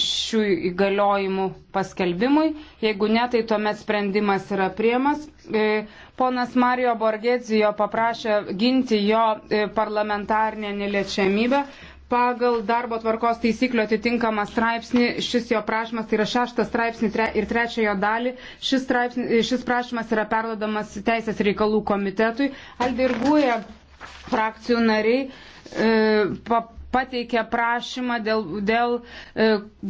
šių įgaliojimų paskelbimui. Jeigu ne, tai tuomet sprendimas yra priemas. E, ponas Mario Borgezijo paprašė ginti jo e, parlamentarnę neliečiamybę. Pagal darbo tvarkos taisyklių atitinkamą straipsnį, šis jo prašymas, tai yra šeštas straipsnį ir trečiojo dalį, šis, straipsnį, e, šis prašymas yra perdodamas Teisės reikalų komitetui. Aldirguoja frakcijų nariai e, pap, pateikė prašymą dėl, dėl, dėl e,